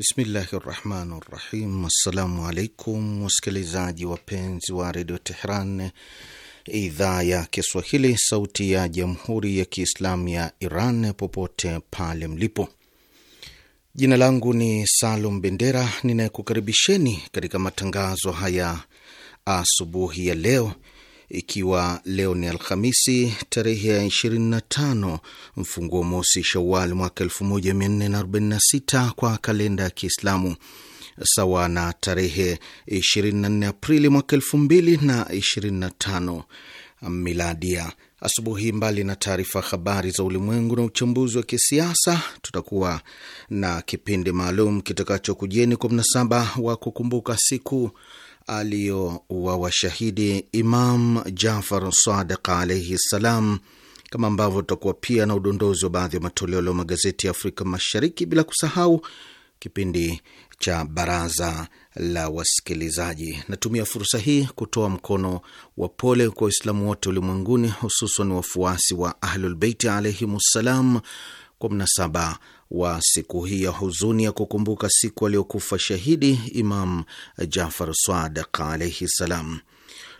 Bismillahi rahmani rahim. Assalamu alaikum wasikilizaji wapenzi wa redio Tehran, idhaa ya Kiswahili, sauti ya jamhuri ya Kiislamu ya Iran, popote pale mlipo. Jina langu ni Salum Bendera ninayekukaribisheni katika matangazo haya asubuhi ya leo ikiwa leo ni Alhamisi tarehe ya 25 mfunguo mosi Shawal mwaka 1446 kwa kalenda ya Kiislamu sawa na tarehe 24 Aprili mwaka 2025 miladia. Asubuhi, mbali na taarifa habari za ulimwengu na uchambuzi wa kisiasa, tutakuwa na kipindi maalum kitakacho kujieni kwa mnasaba wa kukumbuka siku aliyowawashahidi Imam Jafar Sadiq alaihi ssalam, kama ambavyo tutakuwa pia na udondozi wa baadhi ya matoleo leo magazeti ya Afrika Mashariki, bila kusahau kipindi cha baraza la wasikilizaji. Natumia fursa hii kutoa mkono wa pole kwa Waislamu wote ulimwenguni, hususan wafuasi wa Ahlulbeiti alaihimussalam kwa mnasaba wa siku hii ya huzuni ya kukumbuka siku aliyokufa shahidi Imam Jafar Sadiq alaihi salam.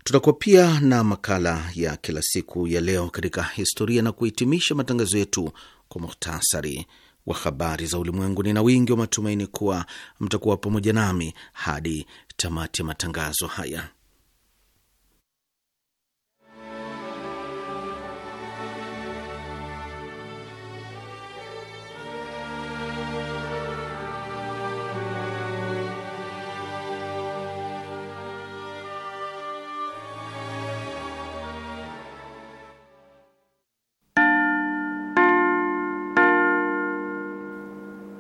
Tutakuwa pia na makala ya kila siku ya leo katika historia na kuhitimisha matangazo yetu kwa muhtasari wa habari za ulimwengu. Nina wingi wa matumaini kuwa mtakuwa pamoja nami hadi tamati ya matangazo haya.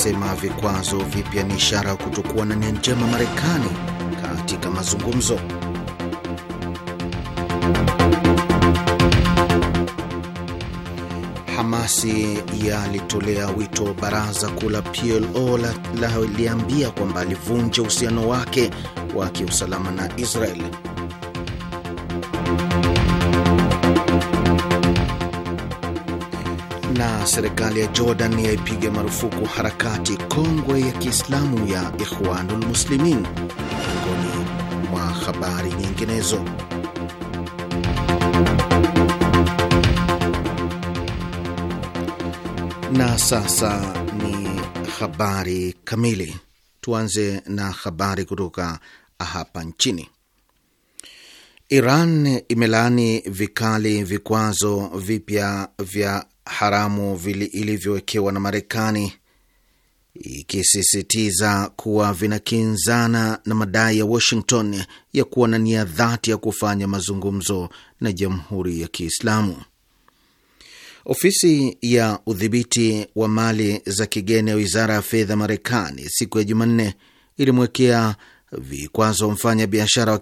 asema vikwazo vipya ni ishara ya kutokuwa na nia njema Marekani katika mazungumzo. Hamasi yalitolea wito baraza kuu la PLO liliambia kwamba alivunja uhusiano wake wa kiusalama na Israel. Na serikali ya Jordan yaipiga marufuku harakati kongwe ya Kiislamu ya Ikhwanul Muslimin, miongoni mwa habari nyinginezo. Na sasa ni habari kamili. Tuanze na habari kutoka hapa nchini. Iran imelaani vikali vikwazo vipya vya haramu ilivyowekewa na Marekani, ikisisitiza kuwa vinakinzana na madai ya Washington ya kuwa na nia dhati ya kufanya mazungumzo na Jamhuri ya Kiislamu. Ofisi ya udhibiti wa mali za kigeni ya wizara ya fedha Marekani siku ya Jumanne ilimwekea vikwazo mfanya biashara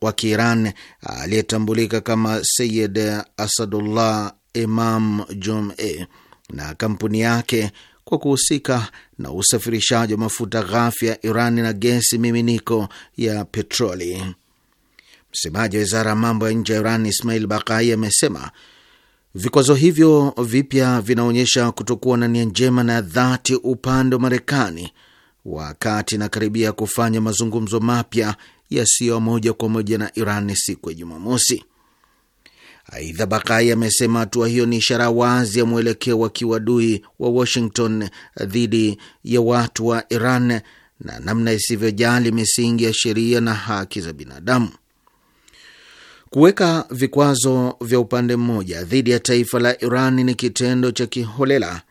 wa Kiiran aliyetambulika kama Sayid Asadullah Imam Jume na kampuni yake kwa kuhusika na usafirishaji wa mafuta ghafi ya Irani na gesi miminiko ya petroli. Msemaji wa wizara ya mambo ya nje ya Iran Ismail Bakai amesema vikwazo hivyo vipya vinaonyesha kutokuwa na nia njema na dhati upande wa Marekani, wakati inakaribia kufanya mazungumzo mapya yasiyo moja kwa moja na Iran siku ya Jumamosi. Aidha, Bakai amesema hatua hiyo ni ishara wazi ya mwelekeo wa kiwadui wa Washington dhidi ya watu wa Iran na namna isivyojali misingi ya sheria na haki za binadamu. Kuweka vikwazo vya upande mmoja dhidi ya taifa la Iran ni kitendo cha kiholela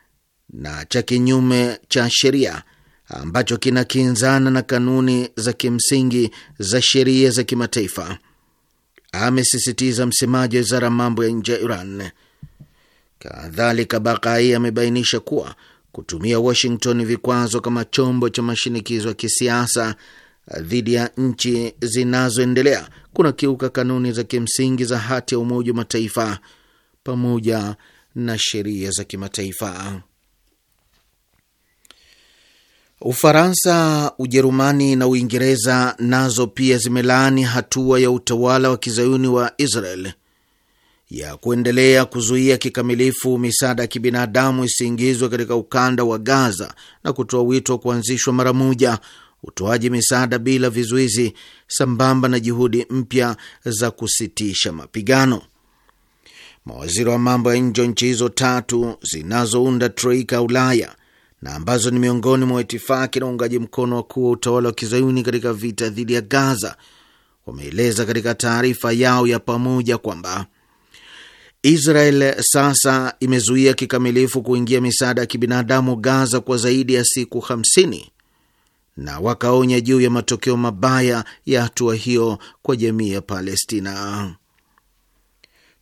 na cha kinyume cha sheria ambacho kinakinzana na kanuni za kimsingi za sheria za kimataifa amesisitiza msemaji wa wizara ya mambo ya nje ya Iran. Kadhalika, Bakai amebainisha kuwa kutumia Washington vikwazo kama chombo cha mashinikizo ya kisiasa dhidi ya nchi zinazoendelea kuna kiuka kanuni za kimsingi za hati ya Umoja wa Mataifa pamoja na sheria za kimataifa. Ufaransa, Ujerumani na Uingereza nazo pia zimelaani hatua ya utawala wa kizayuni wa Israel ya kuendelea kuzuia kikamilifu misaada ya kibinadamu isiingizwe katika ukanda wa Gaza na kutoa wito wa kuanzishwa mara moja utoaji misaada bila vizuizi sambamba na juhudi mpya za kusitisha mapigano. Mawaziri wa mambo ya nje wa nchi hizo tatu zinazounda troika Ulaya na ambazo ni miongoni mwa itifaki na uungaji mkono wakuu wa utawala wa kizayuni katika vita dhidi ya Gaza wameeleza katika taarifa yao ya pamoja kwamba Israel sasa imezuia kikamilifu kuingia misaada ya kibinadamu Gaza kwa zaidi ya siku 50 na wakaonya juu ya matokeo mabaya ya hatua hiyo kwa jamii ya Palestina.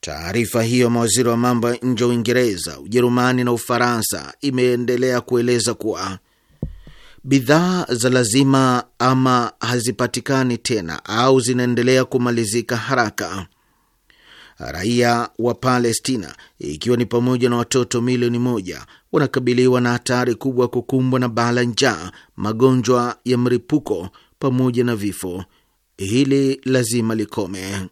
Taarifa hiyo mawaziri wa mambo ya nje wa Uingereza, Ujerumani na Ufaransa imeendelea kueleza kuwa bidhaa za lazima ama hazipatikani tena au zinaendelea kumalizika haraka. Raia wa Palestina, ikiwa ni pamoja na watoto milioni moja, wanakabiliwa na hatari kubwa ya kukumbwa na baa la njaa, magonjwa ya mlipuko pamoja na vifo. Hili lazima likome.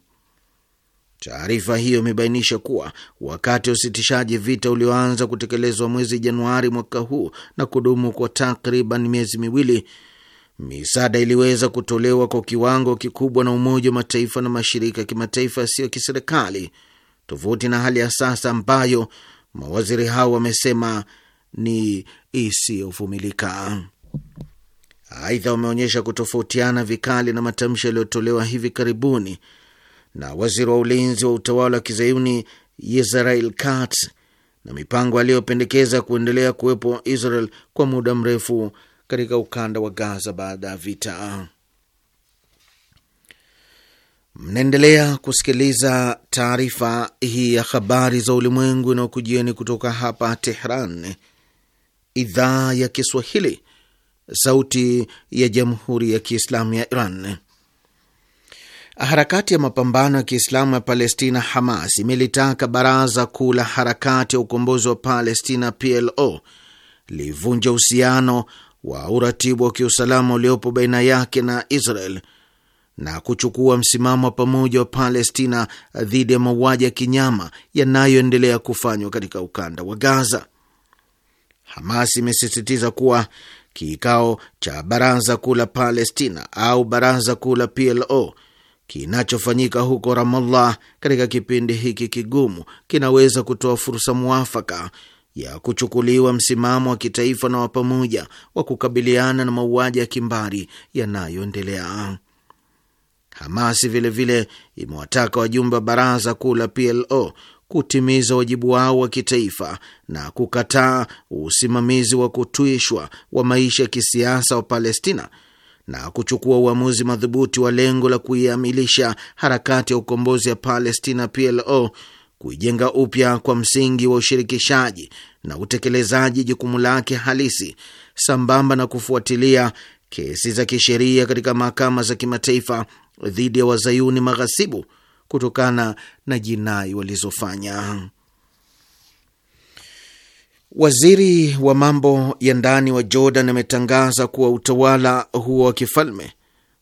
Taarifa hiyo imebainisha kuwa wakati wa usitishaji vita ulioanza kutekelezwa mwezi Januari mwaka huu na kudumu kwa takriban miezi miwili, misaada iliweza kutolewa kwa kiwango kikubwa na Umoja wa Mataifa na mashirika ya kimataifa yasiyo ya kiserikali, tofauti na hali ya sasa ambayo mawaziri hao wamesema ni isiyovumilika. Aidha, wameonyesha kutofautiana vikali na matamshi yaliyotolewa hivi karibuni na waziri wa ulinzi wa utawala wa kizayuni Israel Katz na mipango aliyopendekeza kuendelea kuwepo Israel kwa muda mrefu katika ukanda wa Gaza baada ya vita. Mnaendelea kusikiliza taarifa hii ya habari za ulimwengu inayokujieni kutoka hapa Tehran, idhaa ya Kiswahili, sauti ya jamhuri ya kiislamu ya Iran. Harakati ya mapambano ya Kiislamu ya Palestina, Hamas, imelitaka baraza kuu la harakati ya ukombozi wa Palestina, PLO, livunje uhusiano wa uratibu wa kiusalama uliopo baina yake na Israel na kuchukua msimamo wa pamoja wa Palestina dhidi ya mauaji ya kinyama yanayoendelea kufanywa katika ukanda wa Gaza. Hamas imesisitiza kuwa kikao cha baraza kuu la Palestina au baraza kuu la PLO Kinachofanyika huko Ramallah katika kipindi hiki kigumu kinaweza kutoa fursa mwafaka ya kuchukuliwa msimamo wa kitaifa na wa pamoja wa kukabiliana na mauaji ya kimbari yanayoendelea. Hamasi vilevile imewataka wajumbe wa baraza kuu la PLO kutimiza wajibu wao wa kitaifa na kukataa usimamizi wa kutwishwa wa maisha ya kisiasa wa Palestina na kuchukua uamuzi madhubuti wa lengo la kuiamilisha harakati ya ukombozi ya Palestina PLO, kuijenga upya kwa msingi wa ushirikishaji na utekelezaji jukumu lake halisi, sambamba na kufuatilia kesi za kisheria katika mahakama za kimataifa dhidi ya wazayuni maghasibu kutokana na jinai walizofanya. Waziri wa mambo ya ndani wa Jordan ametangaza kuwa utawala huo wa kifalme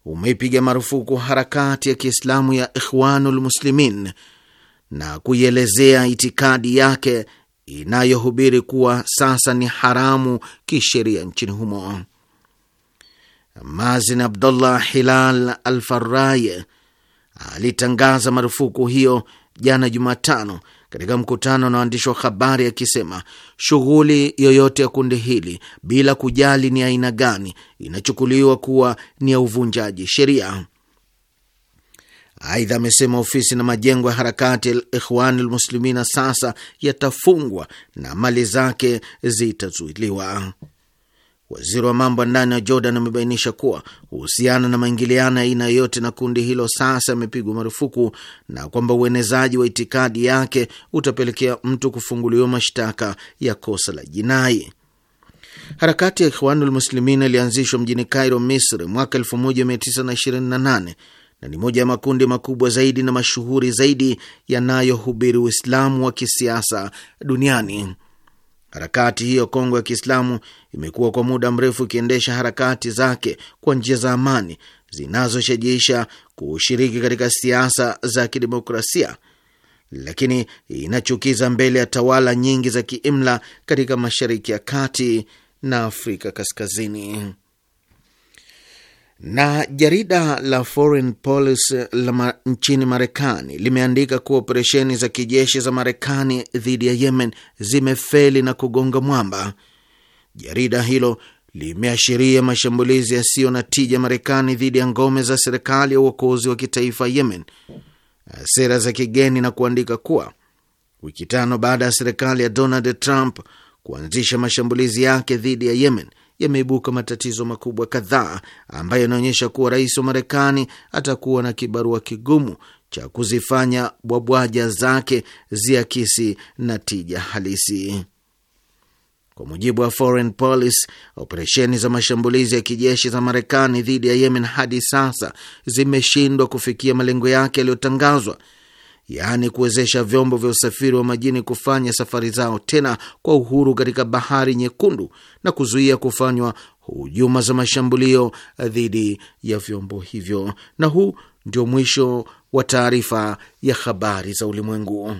umeipiga marufuku harakati ya Kiislamu ya Ikhwanul Muslimin na kuielezea itikadi yake inayohubiri kuwa sasa ni haramu kisheria nchini humo. Mazin Abdullah Hilal Al alitangaza marufuku hiyo jana Jumatano katika mkutano na waandishi wa habari akisema shughuli yoyote ya kundi hili bila kujali ni aina gani inachukuliwa kuwa ni ya uvunjaji sheria. Aidha, amesema ofisi na majengo ya harakati ya Ikhwanul Lmuslimina sasa yatafungwa na mali zake zitazuiliwa. Waziri wa mambo ya ndani wa Jordan amebainisha kuwa kuhusiana na maingiliano ya aina yoyote na kundi hilo sasa yamepigwa marufuku na kwamba uenezaji wa itikadi yake utapelekea mtu kufunguliwa mashtaka ya kosa la jinai. Harakati ya Ikhwanul Muslimin ilianzishwa mjini Cairo, Misri mwaka 1928 na ni moja ya makundi makubwa zaidi na mashuhuri zaidi yanayohubiri Uislamu wa kisiasa duniani. Harakati hiyo kongwe ya Kiislamu imekuwa kwa muda mrefu ikiendesha harakati zake kwa njia za amani zinazoshajiisha kushiriki katika siasa za kidemokrasia, lakini inachukiza mbele ya tawala nyingi za kiimla katika Mashariki ya Kati na Afrika Kaskazini. Na jarida la Foreign Policy la ma nchini Marekani limeandika kuwa operesheni za kijeshi za Marekani dhidi ya Yemen zimefeli na kugonga mwamba. Jarida hilo limeashiria mashambulizi yasiyo na tija Marekani dhidi ya ngome za serikali ya uokozi wa kitaifa Yemen, sera za kigeni, na kuandika kuwa wiki tano baada ya serikali ya Donald Trump kuanzisha mashambulizi yake dhidi ya Yemen, yameibuka matatizo makubwa kadhaa ambayo yanaonyesha kuwa rais wa Marekani atakuwa na kibarua kigumu cha kuzifanya bwabwaja zake ziakisi na tija halisi. Kwa mujibu wa Foreign Policy, operesheni za mashambulizi ya kijeshi za Marekani dhidi ya Yemen hadi sasa zimeshindwa kufikia malengo yake yaliyotangazwa yaani kuwezesha vyombo vya usafiri wa majini kufanya safari zao tena kwa uhuru katika Bahari Nyekundu na kuzuia kufanywa hujuma za mashambulio dhidi ya vyombo hivyo. Na huu ndio mwisho wa taarifa ya habari za ulimwengu.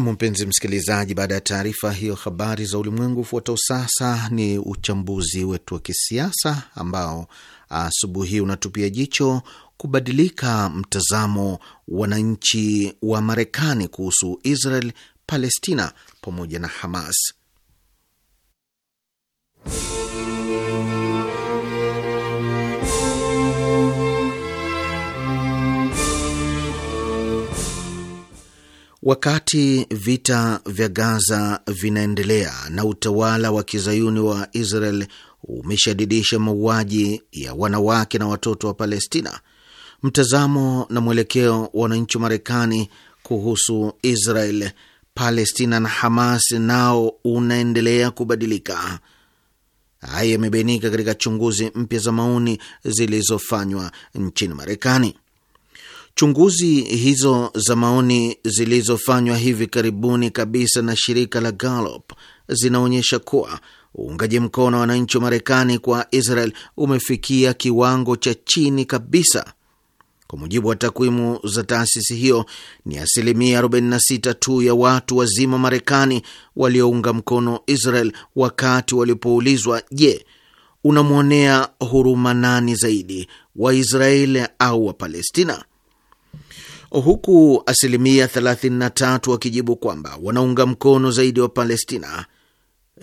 Nam, mpenzi msikilizaji, baada ya taarifa hiyo habari za ulimwengu, ufuatao sasa ni uchambuzi wetu wa kisiasa ambao asubuhi hii unatupia jicho kubadilika mtazamo wananchi wa Marekani kuhusu Israel, Palestina pamoja na Hamas. Wakati vita vya Gaza vinaendelea na utawala wa kizayuni wa Israel umeshadidisha mauaji ya wanawake na watoto wa Palestina, mtazamo na mwelekeo wa wananchi wa Marekani kuhusu Israel, Palestina na Hamas nao unaendelea kubadilika. Haya yamebainika katika chunguzi mpya za maoni zilizofanywa nchini Marekani. Chunguzi hizo za maoni zilizofanywa hivi karibuni kabisa na shirika la Gallup zinaonyesha kuwa uungaji mkono wa wananchi wa Marekani kwa Israel umefikia kiwango cha chini kabisa. Kwa mujibu wa takwimu za taasisi hiyo, ni asilimia 46 tu ya watu wazima Marekani waliounga mkono Israel wakati walipoulizwa, je, unamwonea huruma nani zaidi, Waisraeli au Wapalestina? huku asilimia 33 wakijibu kwamba wanaunga mkono zaidi wa Palestina.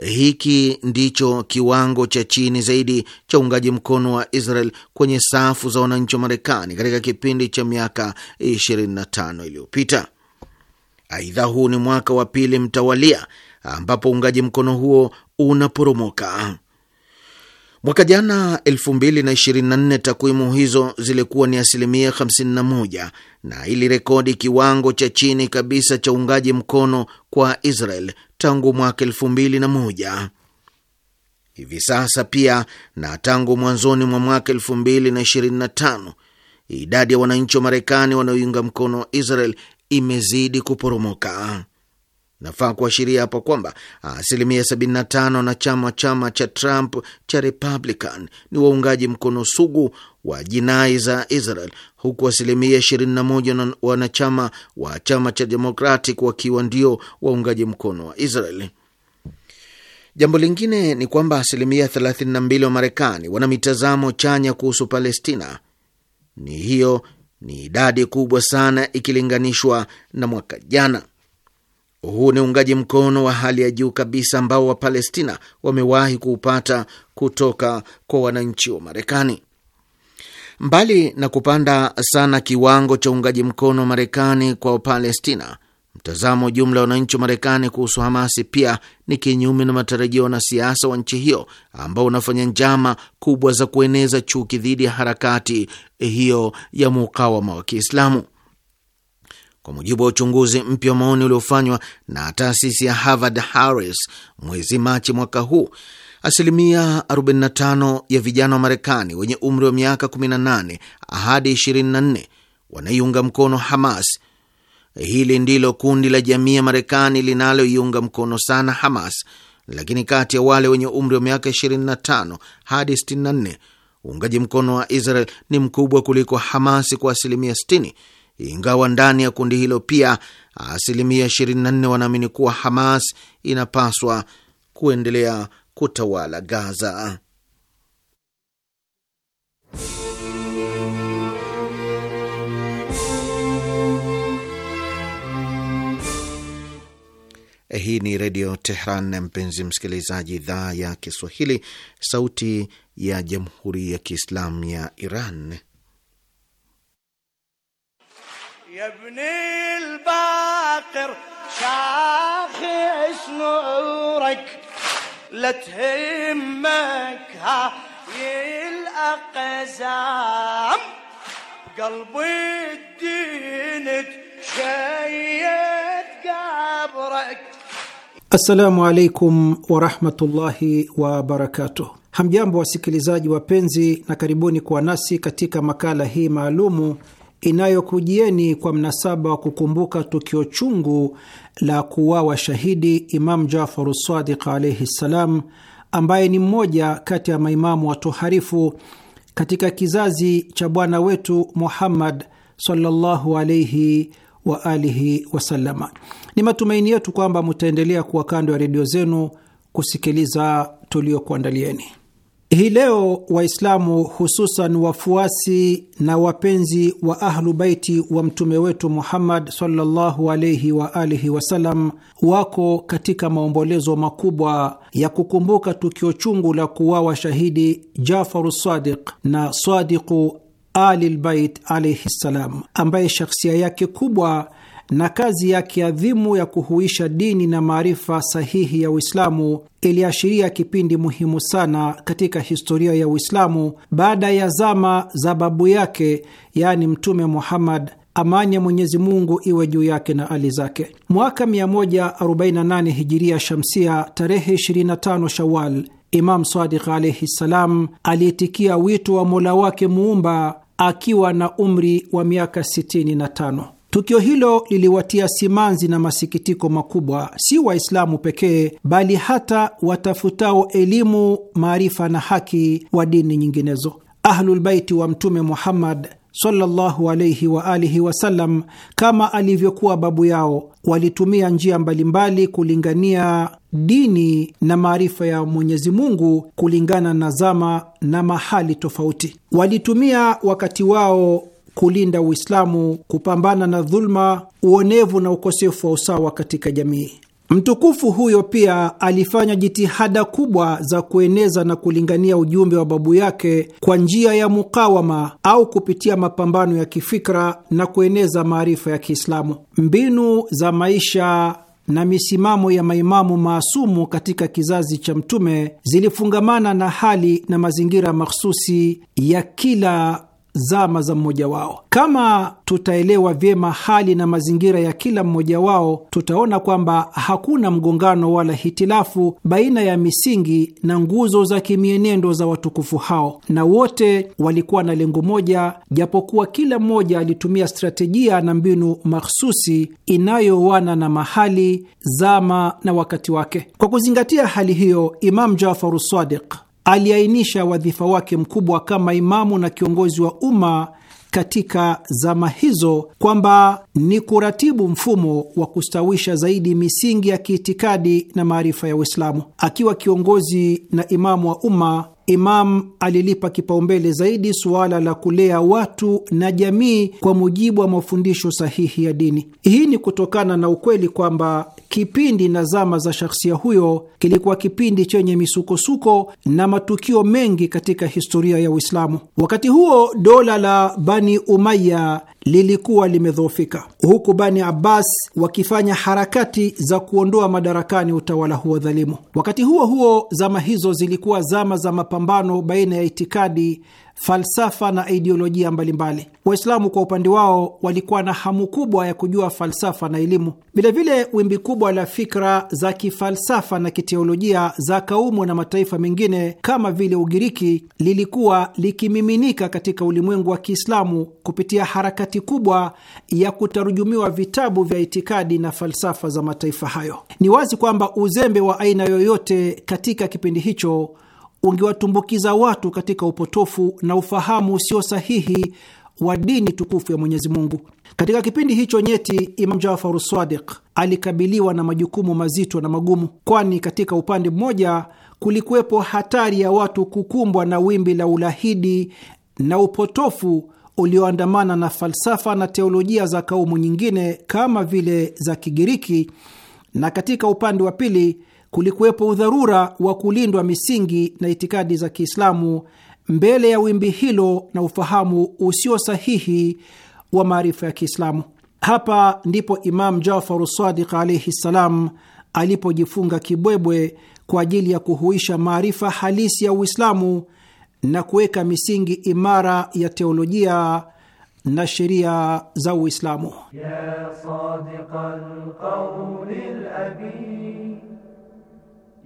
Hiki ndicho kiwango cha chini zaidi cha uungaji mkono wa Israel kwenye safu za wananchi wa Marekani katika kipindi cha miaka 25 iliyopita. Aidha, huu ni mwaka wa pili mtawalia ambapo uungaji mkono huo unaporomoka. Mwaka jana 2024 takwimu hizo zilikuwa ni asilimia 51 na ilirekodi kiwango cha chini kabisa cha uungaji mkono kwa Israel tangu mwaka 2001. Hivi sasa pia na tangu mwanzoni mwa mwaka 2025 idadi ya wananchi wa Marekani wanaoiunga mkono Israel imezidi kuporomoka. Nafaa kuashiria hapo kwamba asilimia 75 na chama chama cha Trump cha Republican ni waungaji mkono sugu wa jinai za Israel, huku asilimia 21 wanachama wa chama cha Democratic wakiwa ndio waungaji mkono wa Israel. Jambo lingine ni kwamba asilimia 32 wa Marekani wana mitazamo chanya kuhusu Palestina. Ni hiyo ni idadi kubwa sana ikilinganishwa na mwaka jana. Huu ni uungaji mkono wa hali ya juu kabisa ambao Wapalestina wamewahi kuupata kutoka kwa wananchi wa Marekani. Mbali na kupanda sana kiwango cha uungaji mkono wa Marekani kwa Wapalestina, mtazamo jumla wa wananchi wa Marekani kuhusu Hamasi pia ni kinyume na matarajio ya wanasiasa wa nchi hiyo ambao unafanya njama kubwa za kueneza chuki dhidi ya harakati hiyo ya mukawama wa Kiislamu. Kwa mujibu wa uchunguzi mpya wa maoni uliofanywa na taasisi ya Harvard Harris mwezi Machi mwaka huu, asilimia 45 ya vijana wa Marekani wenye umri wa miaka 18 hadi 24 wanaiunga mkono Hamas. Hili ndilo kundi la jamii ya Marekani linaloiunga mkono sana Hamas, lakini kati ya wale wenye umri wa miaka 25 hadi 64 uungaji mkono wa Israel ni mkubwa kuliko Hamasi kwa asilimia ingawa ndani ya kundi hilo pia asilimia 24 wanaamini kuwa Hamas inapaswa kuendelea kutawala Gaza. Hii ni Redio Tehran, mpenzi msikilizaji, idhaa ya Kiswahili, sauti ya Jamhuri ya Kiislamu ya Iran. يا ابني الباقر شاخص نورك لا تهمك هاي الأقزام قلبي الدين تشيد قبرك السلام عليكم ورحمة الله وبركاته Hamjambo wasikilizaji wapenzi, na karibuni kuwa nasi katika makala hii maalumu inayokujieni kwa mnasaba wa kukumbuka tukio chungu la kuuawa shahidi Imam Jafaru Sadiq alaihi ssalam, ambaye ni mmoja kati ya maimamu watoharifu katika kizazi cha bwana wetu Muhammad sallallahu alaihi wa alihi wasalama. Ni matumaini yetu kwamba mutaendelea kuwa kando ya redio zenu kusikiliza tuliokuandalieni. Hii leo Waislamu hususan wafuasi na wapenzi wa Ahlu Baiti wa mtume wetu Muhammad sallallahu alaihi wa alihi wasallam wako katika maombolezo makubwa ya kukumbuka tukio chungu la kuwawa shahidi Jafaru Sadiq na Sadiqu Alilbait alaihi ssalam, ambaye shakhsia yake kubwa na kazi yake adhimu ya kuhuisha dini na maarifa sahihi ya Uislamu iliashiria kipindi muhimu sana katika historia ya Uislamu baada ya zama za babu yake, yaani Mtume Muhammad amani ya Mwenyezi Mungu iwe juu yake na ali zake. Mwaka 148 hijiria shamsia, tarehe 25 Shawal, Imam Sadiq alaihi ssalam aliitikia wito wa mola wake muumba akiwa na umri wa miaka 65. Tukio hilo liliwatia simanzi na masikitiko makubwa, si Waislamu pekee, bali hata watafutao elimu, maarifa na haki wa dini nyinginezo. Ahlulbaiti wa Mtume Muhammad sallallahu alayhi wa alihi wasallam, kama alivyokuwa babu yao, walitumia njia mbalimbali kulingania dini na maarifa ya Mwenyezi Mungu kulingana na zama na mahali tofauti. Walitumia wakati wao kulinda Uislamu, kupambana na dhuluma, uonevu na ukosefu wa usawa katika jamii. Mtukufu huyo pia alifanya jitihada kubwa za kueneza na kulingania ujumbe wa babu yake kwa njia ya mukawama au kupitia mapambano ya kifikra na kueneza maarifa ya Kiislamu. Mbinu za maisha na misimamo ya maimamu maasumu katika kizazi cha Mtume zilifungamana na hali na mazingira mahsusi ya kila zama za mmoja wao. Kama tutaelewa vyema hali na mazingira ya kila mmoja wao, tutaona kwamba hakuna mgongano wala hitilafu baina ya misingi na nguzo za kimienendo za watukufu hao, na wote walikuwa na lengo moja, japokuwa kila mmoja alitumia strategia na mbinu mahsusi inayowana na mahali, zama na wakati wake. Kwa kuzingatia hali hiyo, Imam Jafaru Sadiq aliainisha wadhifa wake mkubwa kama imamu na kiongozi wa umma katika zama hizo kwamba ni kuratibu mfumo wa kustawisha zaidi misingi ya kiitikadi na maarifa ya Uislamu. Akiwa kiongozi na imamu wa umma, Imam alilipa kipaumbele zaidi suala la kulea watu na jamii kwa mujibu wa mafundisho sahihi ya dini. Hii ni kutokana na ukweli kwamba kipindi na zama za shakhsia huyo kilikuwa kipindi chenye misukosuko na matukio mengi katika historia ya Uislamu. Wakati huo dola la Bani Umaya lilikuwa limedhoofika, huku Bani Abbas wakifanya harakati za kuondoa madarakani utawala huo dhalimu. Wakati huo huo, zama hizo zilikuwa zama za mapambano baina ya itikadi falsafa na idiolojia mbalimbali. Waislamu kwa upande wao walikuwa na hamu kubwa ya kujua falsafa na elimu. Vilevile, wimbi kubwa la fikra za kifalsafa na kiteolojia za kaumu na mataifa mengine kama vile Ugiriki lilikuwa likimiminika katika ulimwengu wa Kiislamu kupitia harakati kubwa ya kutarujumiwa vitabu vya itikadi na falsafa za mataifa hayo. Ni wazi kwamba uzembe wa aina yoyote katika kipindi hicho ungewatumbukiza watu katika upotofu na ufahamu usio sahihi wa dini tukufu ya Mwenyezi Mungu. Katika kipindi hicho nyeti, Imam Jafaru Sadiq alikabiliwa na majukumu mazito na magumu, kwani katika upande mmoja kulikuwepo hatari ya watu kukumbwa na wimbi la ulahidi na upotofu ulioandamana na falsafa na teolojia za kaumu nyingine kama vile za Kigiriki, na katika upande wa pili kulikuwepo udharura wa kulindwa misingi na itikadi za Kiislamu mbele ya wimbi hilo na ufahamu usio sahihi wa maarifa ya Kiislamu. Hapa ndipo Imam Jafaru Sadiq alaihi ssalam alipojifunga kibwebwe kwa ajili ya kuhuisha maarifa halisi ya Uislamu na kuweka misingi imara ya teolojia na sheria za Uislamu ya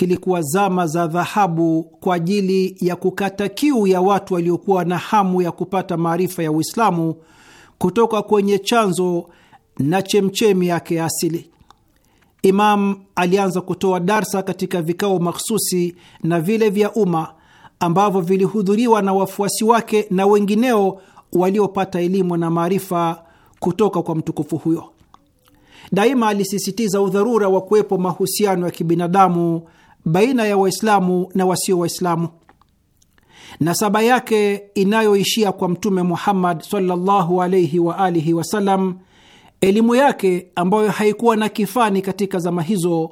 kilikuwa zama za dhahabu kwa ajili ya kukata kiu ya watu waliokuwa na hamu ya kupata maarifa ya Uislamu kutoka kwenye chanzo na chemchemi yake ya asili. Imam alianza kutoa darsa katika vikao makhususi na vile vya umma ambavyo vilihudhuriwa na wafuasi wake na wengineo waliopata elimu na maarifa kutoka kwa mtukufu huyo. Daima alisisitiza udharura wa kuwepo mahusiano ya kibinadamu baina ya Waislamu na wasio Waislamu. Nasaba yake inayoishia kwa Mtume Muhammad sallallahu alaihi wa alihi wasallam, elimu yake ambayo haikuwa na kifani katika zama hizo,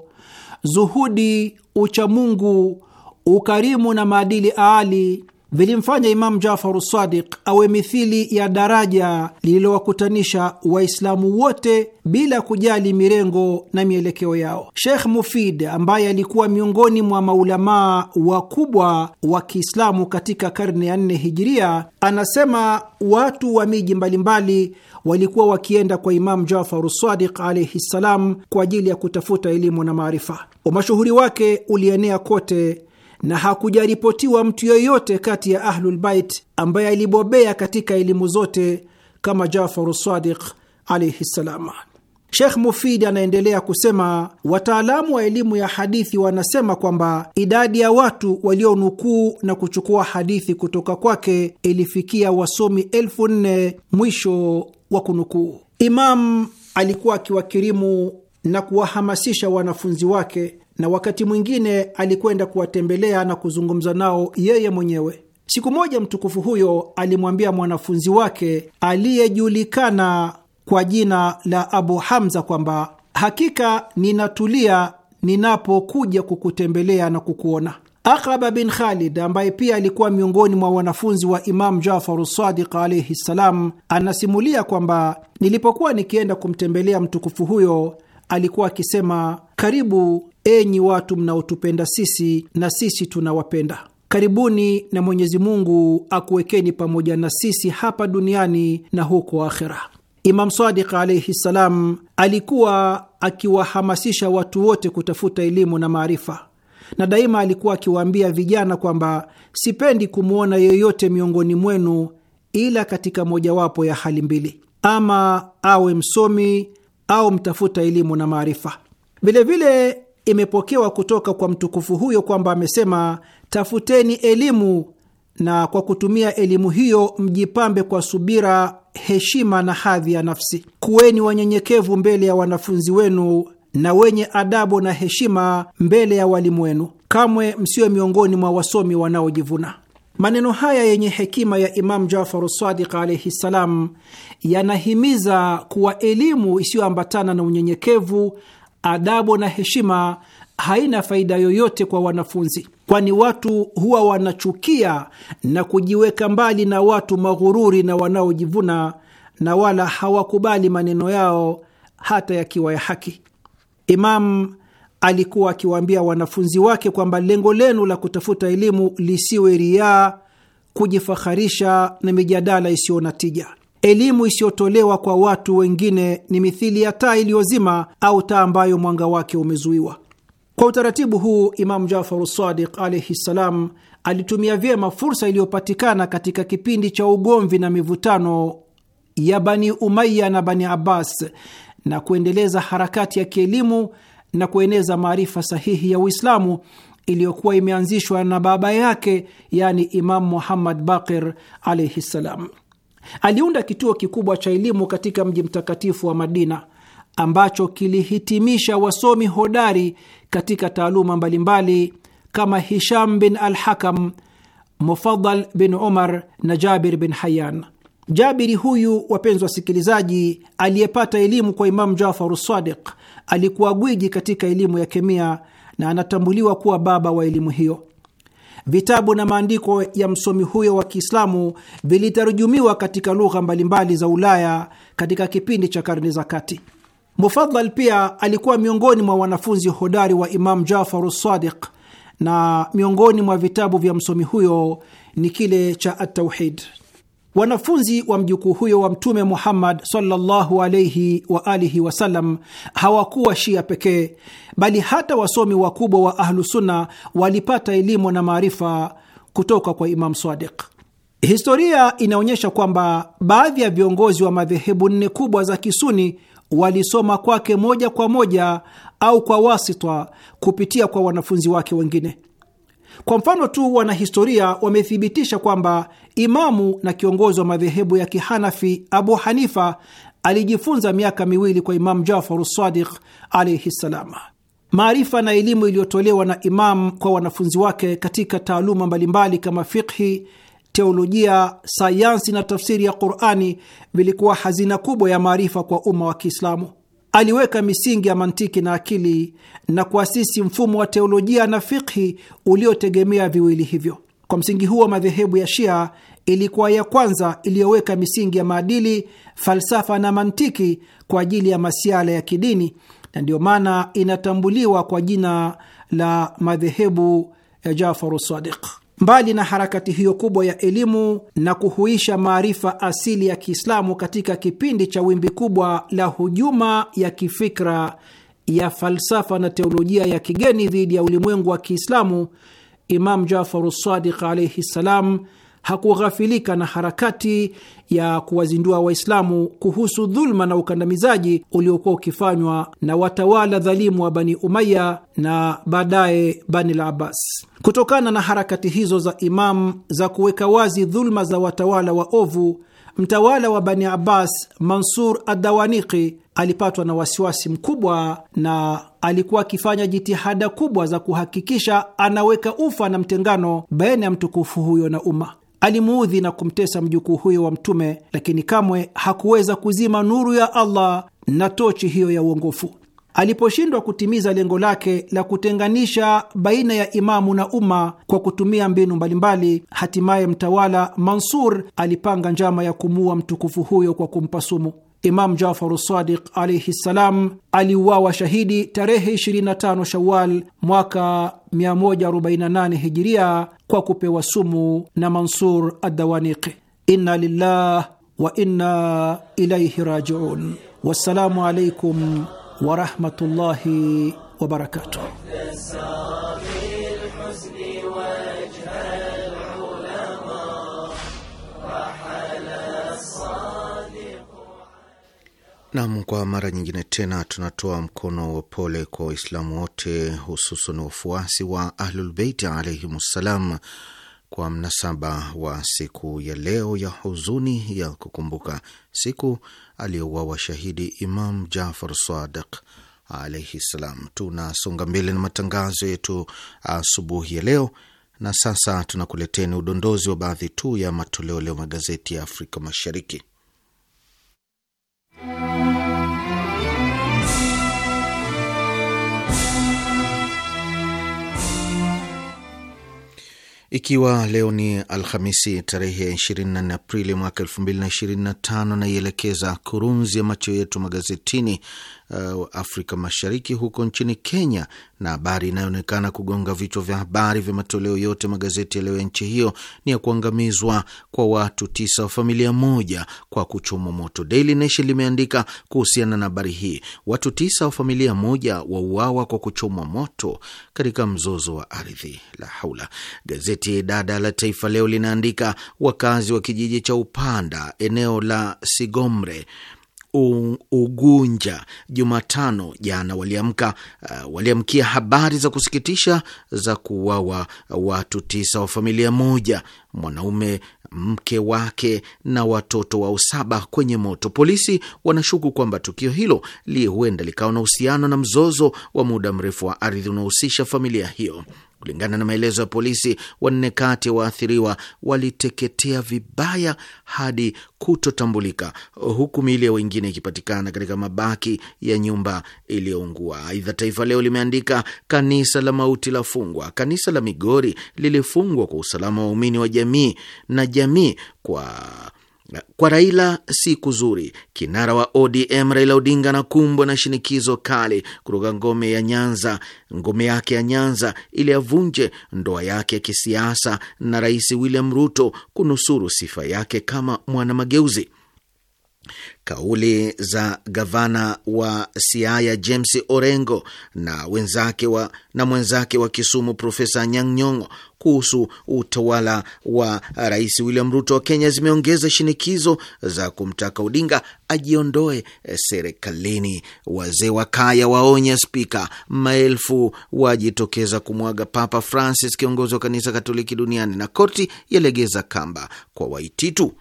zuhudi, uchamungu, ukarimu na maadili aali vilimfanya Imamu Jafaru Sadiq awe mithili ya daraja lililowakutanisha Waislamu wote bila kujali mirengo na mielekeo yao. Sheikh Mufid ambaye alikuwa miongoni mwa maulamaa wakubwa wa Kiislamu katika karne ya nne hijiria, anasema watu wa miji mbalimbali walikuwa wakienda kwa Imamu Jafaru Sadiq alaihi ssalam kwa ajili ya kutafuta elimu na maarifa. Umashuhuri wake ulienea kote na hakujaripotiwa mtu yoyote kati ya Ahlulbait ambaye alibobea katika elimu zote kama Jafaru Sadiq alaihi ssalam. Shekh Mufidi anaendelea kusema, wataalamu wa elimu ya hadithi wanasema kwamba idadi ya watu walionukuu na kuchukua hadithi kutoka kwake ilifikia wasomi elfu nne mwisho wa kunukuu. Imam alikuwa akiwakirimu na kuwahamasisha wanafunzi wake na wakati mwingine alikwenda kuwatembelea na kuzungumza nao yeye mwenyewe. Siku moja mtukufu huyo alimwambia mwanafunzi wake aliyejulikana kwa jina la Abu Hamza kwamba hakika ninatulia ninapokuja kukutembelea na kukuona. Aqaba bin Khalid ambaye pia alikuwa miongoni mwa wanafunzi wa Imamu Jafaru Sadiq alaihi ssalam, anasimulia kwamba nilipokuwa nikienda kumtembelea mtukufu huyo alikuwa akisema, karibu enyi watu mnaotupenda sisi na sisi tunawapenda. Karibuni na Mwenyezi Mungu akuwekeni pamoja na sisi hapa duniani na huko akhera. Imam Sadiq alaihi ssalam alikuwa akiwahamasisha watu wote kutafuta elimu na maarifa, na daima alikuwa akiwaambia vijana kwamba sipendi kumwona yeyote miongoni mwenu ila katika mojawapo ya hali mbili, ama awe msomi au mtafuta elimu na maarifa. Vilevile imepokewa kutoka kwa mtukufu huyo kwamba amesema, tafuteni elimu na kwa kutumia elimu hiyo mjipambe kwa subira, heshima na hadhi ya nafsi. Kuweni wanyenyekevu mbele ya wanafunzi wenu na wenye adabu na heshima mbele ya walimu wenu. Kamwe msiwe miongoni mwa wasomi wanaojivuna. Maneno haya yenye hekima ya Imamu Jafaru Sadiq alaihi ssalam yanahimiza kuwa elimu isiyoambatana na unyenyekevu adabu na heshima haina faida yoyote kwa wanafunzi, kwani watu huwa wanachukia na kujiweka mbali na watu maghururi na wanaojivuna, na wala hawakubali maneno yao hata yakiwa ya haki. Imam alikuwa akiwaambia wanafunzi wake kwamba lengo lenu la kutafuta elimu lisiwe riaa, kujifaharisha na mijadala isiyo na tija. Elimu isiyotolewa kwa watu wengine ni mithili ya taa iliyozima au taa ambayo mwanga wake umezuiwa. Kwa utaratibu huu, Imamu Jafaru Sadiq alaihi ssalam alitumia vyema fursa iliyopatikana katika kipindi cha ugomvi na mivutano ya Bani Umaya na Bani Abbas na kuendeleza harakati ya kielimu na kueneza maarifa sahihi ya Uislamu iliyokuwa imeanzishwa na baba yake, yani Imamu Muhammad Baqir alaihi ssalam. Aliunda kituo kikubwa cha elimu katika mji mtakatifu wa Madina ambacho kilihitimisha wasomi hodari katika taaluma mbalimbali kama Hisham bin al-Hakam, Mufadal bin Umar na Jabir bin Hayyan. Jabiri huyu, wapenzi wasikilizaji, aliyepata elimu kwa Imamu Jafaru Sadiq, alikuwa gwiji katika elimu ya kemia na anatambuliwa kuwa baba wa elimu hiyo. Vitabu na maandiko ya msomi huyo wa Kiislamu vilitarujumiwa katika lugha mbalimbali za Ulaya katika kipindi cha karne za kati. Mufadhal pia alikuwa miongoni mwa wanafunzi hodari wa Imam Jafaru Sadiq, na miongoni mwa vitabu vya msomi huyo ni kile cha Atauhid. Wanafunzi wa mjukuu huyo wa Mtume Muhammad sallallahu alaihi wa alihi wasallam hawakuwa Shia pekee, bali hata wasomi wakubwa wa Ahlusunna walipata elimu na maarifa kutoka kwa imam Sadiq. Historia inaonyesha kwamba baadhi ya viongozi wa madhehebu nne kubwa za Kisuni walisoma kwake moja kwa moja au kwa wasita kupitia kwa wanafunzi wake wengine. Kwa mfano tu, wanahistoria wamethibitisha kwamba imamu na kiongozi wa madhehebu ya kihanafi Abu Hanifa alijifunza miaka miwili kwa Imamu Jafaru Sadiq alaihi ssalam. Maarifa na elimu iliyotolewa na Imamu kwa wanafunzi wake katika taaluma mbalimbali kama fikhi, teolojia, sayansi na tafsiri ya Qurani vilikuwa hazina kubwa ya maarifa kwa umma wa Kiislamu. Aliweka misingi ya mantiki na akili na kuasisi mfumo wa teolojia na fikhi uliotegemea viwili hivyo. Kwa msingi huo, madhehebu ya Shia ilikuwa ya kwanza iliyoweka misingi ya maadili, falsafa na mantiki kwa ajili ya masiala ya kidini, na ndiyo maana inatambuliwa kwa jina la madhehebu ya Jafaru Sadiq. Mbali na harakati hiyo kubwa ya elimu na kuhuisha maarifa asili ya Kiislamu katika kipindi cha wimbi kubwa la hujuma ya kifikra ya falsafa na teolojia ya kigeni dhidi ya ulimwengu wa Kiislamu, Imam Jafaru Sadiq alaihi ssalam hakughafilika na harakati ya kuwazindua Waislamu kuhusu dhuluma na ukandamizaji uliokuwa ukifanywa na watawala dhalimu wa Bani Umaya na baadaye Bani la Abbas. Kutokana na harakati hizo za Imam za kuweka wazi dhuluma za watawala wa ovu mtawala wa Bani Abbas Mansur Adawaniki alipatwa na wasiwasi mkubwa na alikuwa akifanya jitihada kubwa za kuhakikisha anaweka ufa na mtengano baina ya mtukufu huyo na umma alimuudhi na kumtesa mjukuu huyo wa Mtume, lakini kamwe hakuweza kuzima nuru ya Allah na tochi hiyo ya uongofu. Aliposhindwa kutimiza lengo lake la kutenganisha baina ya imamu na umma kwa kutumia mbinu mbalimbali, hatimaye mtawala Mansur alipanga njama ya kumuua mtukufu huyo kwa kumpa sumu. Imam Jafaru Sadiq alaihi ssalam aliuawa shahidi tarehe 25 Shawal mwaka 148 hijiria kwa kupewa sumu na Mansur Adawaniqi. Inna lillah wa inna ilaihi rajiun. Wassalamu alaikum warahmatullahi wabarakatuh. Nam, kwa mara nyingine tena tunatoa mkono wa pole kwa Waislamu wote hususan wafuasi wa Ahlulbeiti alaihimussalam kwa mnasaba wa siku ya leo ya huzuni ya kukumbuka siku aliyouawa shahidi Imam Jafar Sadiq alaihi ssalam. Tunasonga mbele na matangazo yetu asubuhi ya leo, na sasa tunakuleteni udondozi wa baadhi tu ya matoleo leo magazeti ya Afrika Mashariki. Ikiwa leo ni Alhamisi tarehe ya 24 Aprili mwaka 2025 naielekeza kurunzi ya macho yetu magazetini uh, Afrika Mashariki huko nchini Kenya, na habari inayoonekana kugonga vichwa vya habari vya matoleo yote magazeti ya leo ya nchi hiyo ni ya kuangamizwa kwa watu tisa wa familia moja kwa kuchomwa moto. Daily Nation limeandika kuhusiana na habari hii, watu tisa wa familia moja wauawa kwa kuchomwa moto katika mzozo wa ardhi. La haula. Gazeti dada la Taifa Leo linaandika wakazi wa kijiji cha Upanda eneo la Sigomre Ugunja Jumatano jana waliamka uh, waliamkia habari za kusikitisha za kuuawa watu tisa wa familia moja, mwanaume mke wake na watoto wao saba kwenye moto. Polisi wanashuku kwamba tukio hilo li huenda likawa na uhusiano na mzozo wa muda mrefu wa ardhi unaohusisha familia hiyo. Kulingana na maelezo ya polisi, wanne kati ya waathiriwa waliteketea vibaya hadi kutotambulika, huku miili ya wengine ikipatikana katika mabaki ya nyumba iliyoungua. Aidha, Taifa Leo limeandika kanisa la mauti la fungwa. Kanisa la Migori lilifungwa kwa usalama wa waumini wa jamii na jamii kwa kwa Raila si kuzuri. Kinara wa ODM Raila Odinga anakumbwa na shinikizo kali kutoka ngome ya Nyanza, ngome yake ya Nyanza, ili avunje ndoa yake ya kisiasa na Rais William Ruto kunusuru sifa yake kama mwanamageuzi. Kauli za gavana wa Siaya James Orengo na wenzake wa, na mwenzake wa Kisumu Profesa Anyang' Nyong'o kuhusu utawala wa Rais William Ruto wa Kenya zimeongeza shinikizo za kumtaka Odinga ajiondoe serikalini. Wazee wa kaya waonya spika, maelfu wajitokeza kumwaga Papa Francis, kiongozi wa kanisa Katoliki duniani, na koti yalegeza kamba kwa Waititu.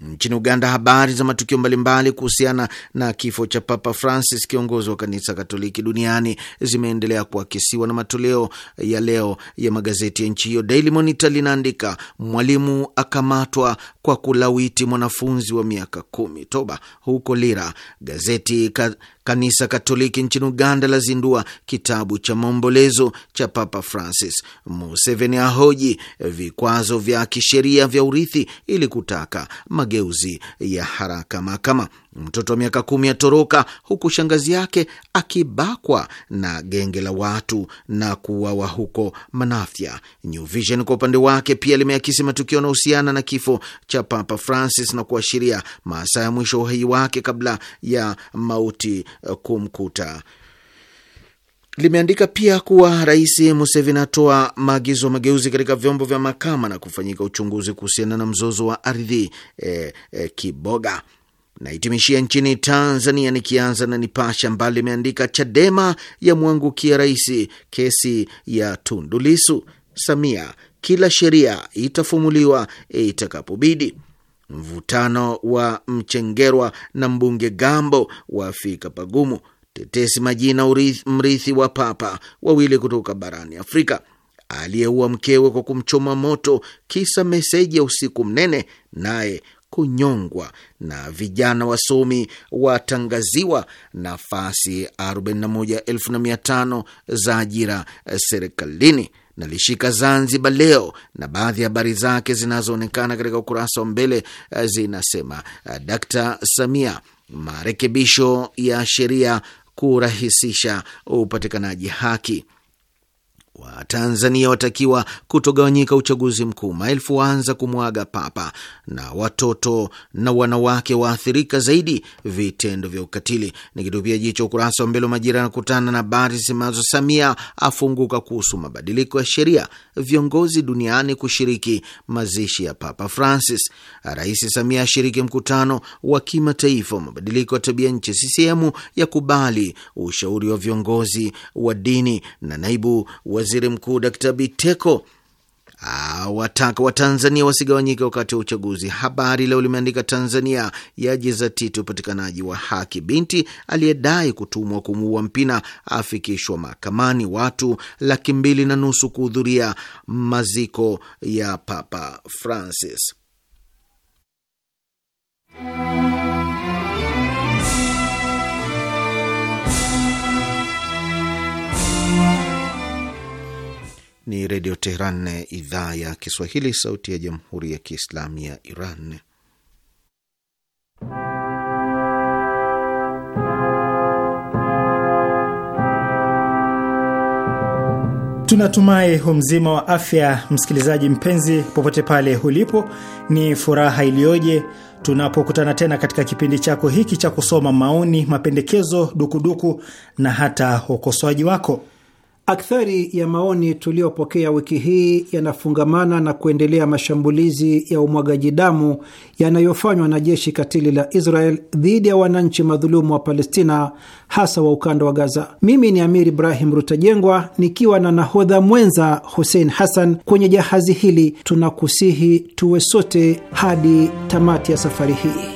Nchini Uganda, habari za matukio mbalimbali kuhusiana na kifo cha Papa Francis, kiongozi wa kanisa Katoliki duniani, zimeendelea kuakisiwa na matoleo ya leo ya magazeti ya nchi hiyo. Daily Monitor linaandika mwalimu akamatwa kwa kulawiti mwanafunzi wa miaka kumi, toba huko Lira. Gazeti Kanisa Katoliki nchini Uganda lazindua kitabu cha maombolezo cha Papa Francis. Museveni ahoji vikwazo vya kisheria vya urithi ili kutaka mageuzi ya haraka. Mahakama Mtoto wa miaka kumi atoroka huku shangazi yake akibakwa na genge la watu na kuuawa huko Manafya. New Vision kwa upande wake pia limeakisi matukio yanahusiana na kifo cha Papa Francis na kuashiria masaa ya mwisho wa uhai wake kabla ya mauti eh, kumkuta. Limeandika pia kuwa Rais Museveni atoa maagizo mageuzi katika vyombo vya mahakama na kufanyika uchunguzi kuhusiana na mzozo wa ardhi eh, eh, Kiboga. Naitimishia nchini Tanzania, nikianza na Nipasha ambalo limeandika Chadema yamwangukia rais kesi ya tundulisu Samia kila sheria itafumuliwa itakapobidi. Mvutano wa Mchengerwa na mbunge Gambo wafika pagumu. Tetesi majina urithi, mrithi wa papa wawili kutoka barani Afrika. Aliyeua mkewe kwa kumchoma moto kisa meseji ya usiku mnene naye kunyongwa na vijana wasomi watangaziwa nafasi 41,500 za ajira serikalini. Nalishika Zanzibar Leo na baadhi ya habari zake zinazoonekana katika ukurasa wa mbele eh, zinasema: eh, Dkt Samia, marekebisho ya sheria kurahisisha upatikanaji haki Watanzania watakiwa kutogawanyika uchaguzi mkuu. Maelfu waanza kumwaga papa na watoto na wanawake waathirika zaidi vitendo vya ukatili. Nikitupia jicho ukurasa wa mbele wa Majira yanakutana na habari zimazo Samia afunguka kuhusu mabadiliko ya sheria, viongozi duniani kushiriki mazishi ya Papa Francis, Rais Samia ashiriki mkutano wa kimataifa wa mabadiliko ya tabia nchi, CCM ya kubali ushauri wa viongozi wa dini na naibu wa Waziri Mkuu Dkt Biteko awataka Watanzania wasigawanyike wakati wa uchaguzi. Habari Leo limeandika Tanzania yajizatiti upatikanaji wa haki. Binti aliyedai kutumwa kumuua Mpina afikishwa mahakamani. Watu laki mbili na nusu kuhudhuria maziko ya Papa Francis. ni Redio Teheran, idhaa ya Kiswahili, sauti ya Jamhuri ya Kiislamu ya Iran. Tunatumai humzima wa afya, msikilizaji mpenzi, popote pale ulipo. Ni furaha iliyoje tunapokutana tena katika kipindi chako hiki cha kusoma maoni, mapendekezo, dukuduku na hata ukosoaji wako. Akthari ya maoni tuliyopokea wiki hii yanafungamana na kuendelea mashambulizi ya umwagaji damu yanayofanywa na jeshi katili la Israel dhidi ya wananchi madhulumu wa Palestina, hasa wa ukanda wa Gaza. Mimi ni Amir Ibrahim Rutajengwa nikiwa na nahodha mwenza Hussein Hassan kwenye jahazi hili, tunakusihi tuwe sote hadi tamati ya safari hii.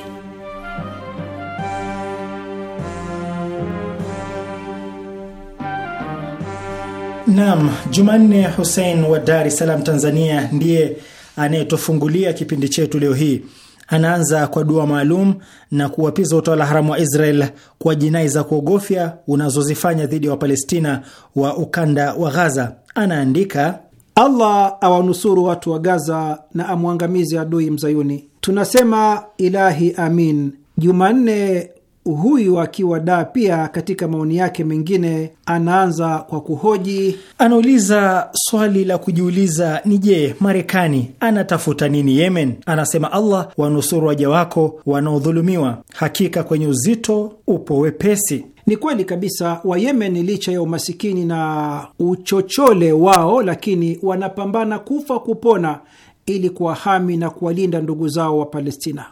Naam, Jumanne Hussein wa Dar es Salaam, Tanzania, ndiye anayetofungulia kipindi chetu leo hii. Anaanza kwa dua maalum na kuwapiza utawala haramu wa Israel kwa jinai za kuogofya unazozifanya dhidi ya Wapalestina wa ukanda wa Ghaza. Anaandika, Allah awanusuru watu wa Gaza na amwangamize adui mzayuni. Tunasema ilahi amin. Jumanne Huyu akiwa daa pia, katika maoni yake mengine, anaanza kwa kuhoji, anauliza swali la kujiuliza ni je, Marekani anatafuta nini Yemen? Anasema, Allah wanusuru waja wako wanaodhulumiwa, hakika kwenye uzito upo wepesi. Ni kweli kabisa, Wayemen licha ya umasikini na uchochole wao, lakini wanapambana kufa kupona ili kuwahami na kuwalinda ndugu zao wa Palestina.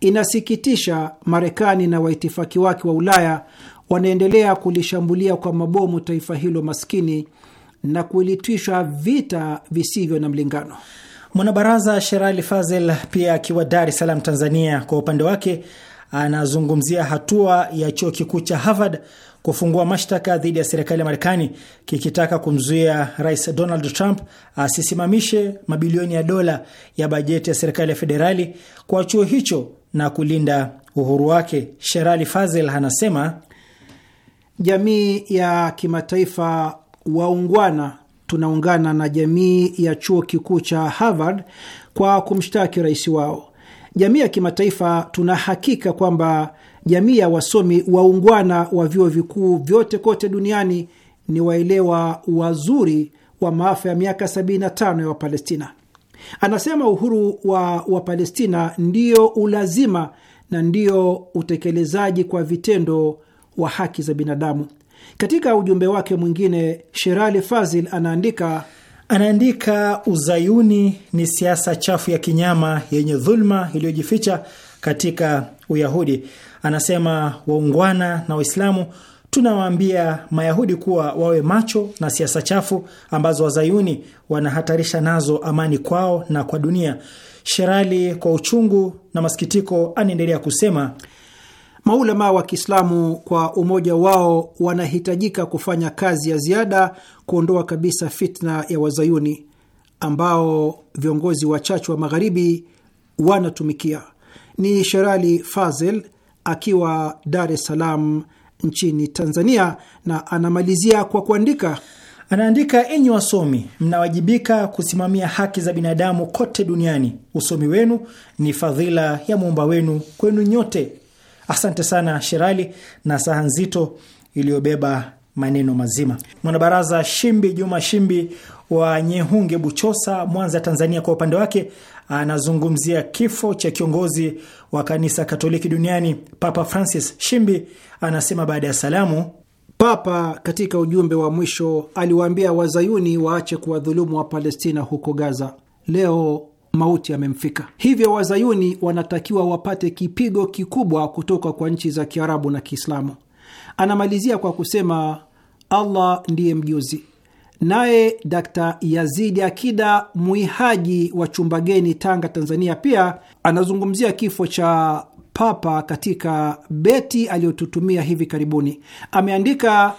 Inasikitisha, Marekani na waitifaki wake wa Ulaya wanaendelea kulishambulia kwa mabomu taifa hilo maskini na kulitwishwa vita visivyo na mlingano. Mwanabaraza Sherali Fazel pia akiwa Dar es Salaam, Tanzania, kwa upande wake anazungumzia hatua ya chuo kikuu cha Harvard kufungua mashtaka dhidi ya serikali ya Marekani kikitaka kumzuia Rais Donald Trump asisimamishe mabilioni ya dola ya bajeti ya serikali ya federali kwa chuo hicho na kulinda uhuru wake. Sherali Fazel anasema jamii ya kimataifa waungwana tunaungana na jamii ya chuo kikuu cha Harvard kwa kumshtaki rais wao. Jamii ya kimataifa tuna hakika kwamba jamii ya wasomi waungwana wa vyuo vikuu vyote kote duniani ni waelewa wazuri wa maafa ya miaka 75 ya Wapalestina. Anasema uhuru wa Wapalestina ndio ulazima na ndio utekelezaji kwa vitendo wa haki za binadamu. Katika ujumbe wake mwingine, Sherali Fazil anaandika anaandika uzayuni ni siasa chafu ya kinyama yenye dhuluma iliyojificha katika Uyahudi. Anasema waungwana na Waislamu tunawaambia Mayahudi kuwa wawe macho na siasa chafu ambazo wazayuni wanahatarisha nazo amani kwao na kwa dunia. Sherali kwa uchungu na masikitiko anaendelea kusema maulama wa Kiislamu kwa umoja wao wanahitajika kufanya kazi ya ziada kuondoa kabisa fitna ya wazayuni ambao viongozi wachache wa magharibi wanatumikia. Ni Sherali Fazel akiwa Dar es Salaam nchini Tanzania, na anamalizia kwa kuandika Anaandika, enyi wasomi, mnawajibika kusimamia haki za binadamu kote duniani. Usomi wenu ni fadhila ya muumba wenu kwenu nyote. Asante sana Sherali na saha nzito iliyobeba maneno mazima. Mwanabaraza Shimbi Juma Shimbi wa Nyehunge, Buchosa, Mwanza, Tanzania, kwa upande wake anazungumzia kifo cha kiongozi wa kanisa Katoliki duniani Papa Francis. Shimbi anasema baada ya salamu, Papa katika ujumbe wa mwisho aliwaambia wazayuni waache kuwadhulumu wa Palestina huko Gaza. Leo mauti yamemfika, hivyo wazayuni wanatakiwa wapate kipigo kikubwa kutoka kwa nchi za Kiarabu na Kiislamu. Anamalizia kwa kusema Allah ndiye mjuzi Naye Dr Yazidi Akida Mwihaji wa Chumbageni, Tanga, Tanzania, pia anazungumzia kifo cha Papa katika beti aliyotutumia hivi karibuni. Ameandika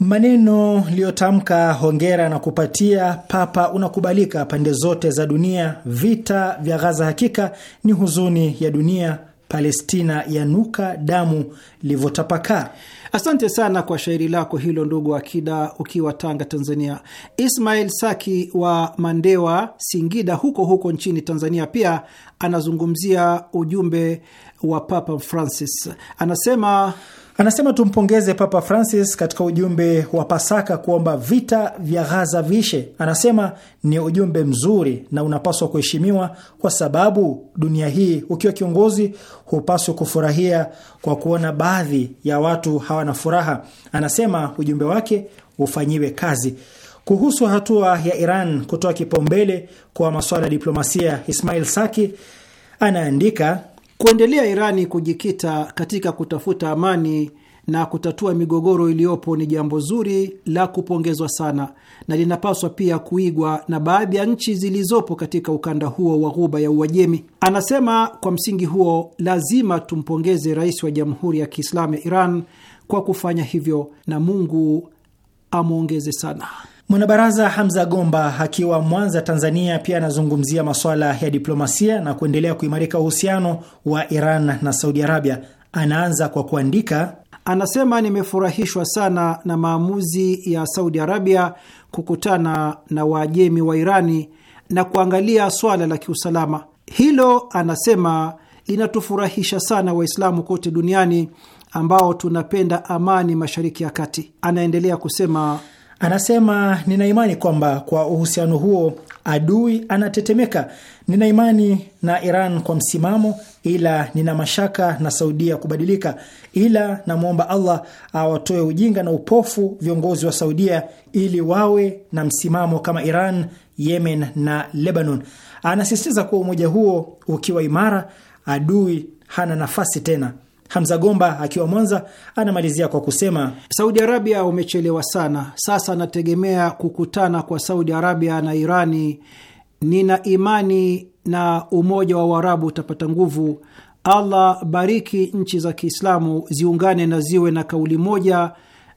maneno liyotamka hongera na kupatia Papa unakubalika pande zote za dunia. Vita vya Gaza hakika ni huzuni ya dunia. Palestina yanuka damu livyotapakaa. Asante sana kwa shairi lako hilo, ndugu Akida, ukiwa Tanga, Tanzania. Ismail Saki wa Mandewa, Singida, huko huko nchini Tanzania, pia anazungumzia ujumbe wa Papa Francis, anasema Anasema tumpongeze Papa Francis katika ujumbe wa Pasaka kuomba vita vya Ghaza viishe Anasema ni ujumbe mzuri na unapaswa kuheshimiwa, kwa sababu dunia hii, ukiwa kiongozi, hupaswi kufurahia kwa kuona baadhi ya watu hawana furaha. Anasema ujumbe wake ufanyiwe kazi. Kuhusu hatua ya Iran kutoa kipaumbele kwa masuala ya diplomasia, Ismail Saki anaandika Kuendelea Irani kujikita katika kutafuta amani na kutatua migogoro iliyopo ni jambo zuri la kupongezwa sana na linapaswa pia kuigwa na baadhi ya nchi zilizopo katika ukanda huo wa Ghuba ya Uajemi. Anasema kwa msingi huo lazima tumpongeze rais wa Jamhuri ya Kiislamu ya Iran kwa kufanya hivyo na Mungu amwongeze sana. Mwanabaraza Hamza Gomba akiwa Mwanza, Tanzania, pia anazungumzia masuala ya diplomasia na kuendelea kuimarika uhusiano wa Iran na Saudi Arabia. Anaanza kwa kuandika, anasema nimefurahishwa sana na maamuzi ya Saudi Arabia kukutana na Waajemi wa Irani na kuangalia swala la kiusalama. Hilo anasema linatufurahisha sana Waislamu kote duniani ambao tunapenda amani Mashariki ya Kati. Anaendelea kusema Anasema nina imani kwamba kwa uhusiano huo adui anatetemeka. Nina imani na Iran kwa msimamo, ila nina mashaka na Saudia kubadilika, ila namwomba Allah awatoe ujinga na upofu viongozi wa Saudia ili wawe na msimamo kama Iran, Yemen na Lebanon. Anasisitiza kuwa umoja huo ukiwa imara, adui hana nafasi tena. Hamza Gomba akiwa Mwanza anamalizia kwa kusema, Saudi Arabia umechelewa sana. Sasa nategemea kukutana kwa Saudi Arabia na Irani. Nina imani na umoja wa Uarabu utapata nguvu. Allah bariki nchi za Kiislamu ziungane na ziwe na kauli moja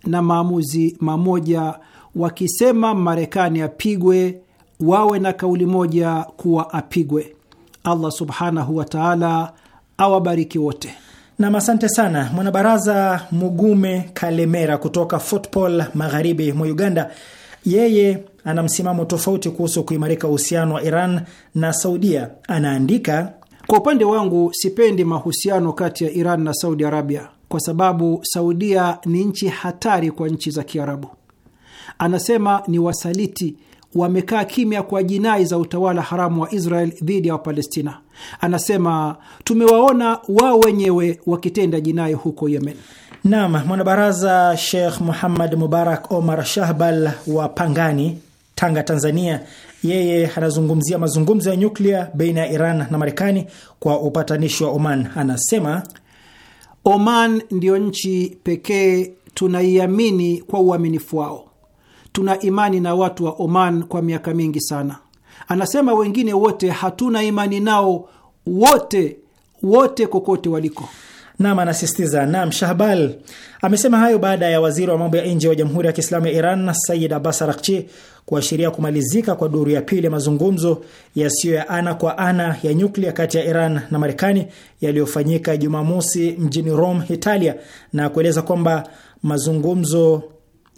na maamuzi mamoja. Wakisema Marekani apigwe, wawe na kauli moja kuwa apigwe. Allah subhanahu wa taala awabariki wote. Nam, asante sana mwanabaraza Mugume Kalemera kutoka Fort Portal, magharibi mwa Uganda. Yeye ana msimamo tofauti kuhusu kuimarika uhusiano wa Iran na Saudia. Anaandika, kwa upande wangu sipendi mahusiano kati ya Iran na Saudi Arabia kwa sababu Saudia ni nchi hatari kwa nchi za Kiarabu. Anasema ni wasaliti wamekaa kimya kwa jinai za utawala haramu wa Israel dhidi ya Wapalestina. Anasema tumewaona wao wenyewe wakitenda jinai huko Yemen. Naam, mwanabaraza Sheikh Muhammad Mubarak Omar Shahbal wa Pangani, Tanga, Tanzania, yeye anazungumzia mazungumzo ya nyuklia baina ya Iran na Marekani kwa upatanishi wa Oman. Anasema Oman ndiyo nchi pekee tunaiamini kwa uaminifu wao tuna imani na watu wa Oman kwa miaka mingi sana. Anasema wengine wote hatuna imani nao, wote wote, kokote waliko. Nam anasisitiza. Nam Shahbal amesema hayo baada ya waziri wa mambo ya nje wa Jamhuri ya Kiislamu ya Iran Sayid Abbas Arakchi kuashiria kumalizika kwa duru ya pili ya mazungumzo yasiyo ya ana kwa ana ya nyuklia kati ya Iran na Marekani yaliyofanyika Jumamosi mjini Rome, Italia, na kueleza kwamba mazungumzo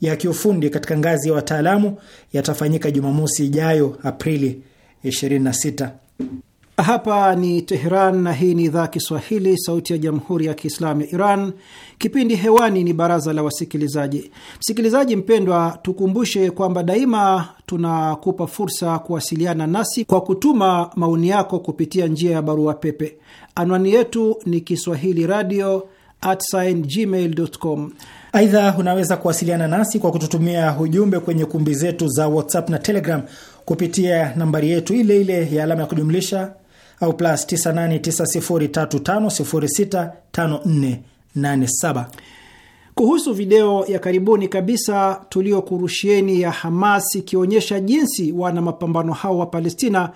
ya kiufundi katika ngazi ya wataalamu yatafanyika Jumamosi ijayo Aprili 26. Hapa ni Teheran na hii ni idhaa Kiswahili, sauti ya jamhuri ya kiislamu ya Iran. Kipindi hewani ni baraza la wasikilizaji. Msikilizaji mpendwa, tukumbushe kwamba daima tunakupa fursa kuwasiliana nasi kwa kutuma maoni yako kupitia njia ya barua pepe. Anwani yetu ni kiswahili radio at Aidha, unaweza kuwasiliana nasi kwa kututumia ujumbe kwenye kumbi zetu za WhatsApp na Telegram kupitia nambari yetu ile ile ya alama ya kujumlisha au plus 989035065487. Kuhusu video ya karibuni kabisa tuliyokurushieni ya Hamas ikionyesha jinsi wana mapambano hao wa Palestina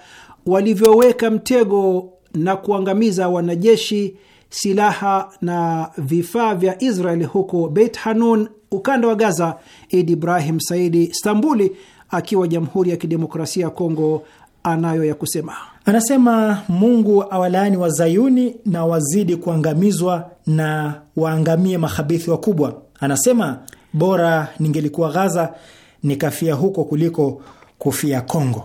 walivyoweka mtego na kuangamiza wanajeshi silaha na vifaa vya israel huko Beit Hanun, ukanda wa Gaza, Idi Ibrahim Saidi Stambuli akiwa Jamhuri ya Kidemokrasia ya Kongo anayo ya kusema. Anasema Mungu awalaani wazayuni na wazidi kuangamizwa na waangamie makhabithi wakubwa. Anasema bora ningelikuwa Gaza nikafia huko kuliko kufia Kongo.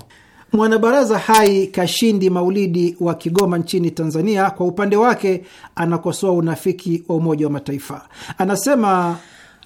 Mwanabaraza hai Kashindi Maulidi wa Kigoma nchini Tanzania, kwa upande wake anakosoa unafiki wa Umoja wa Mataifa. Anasema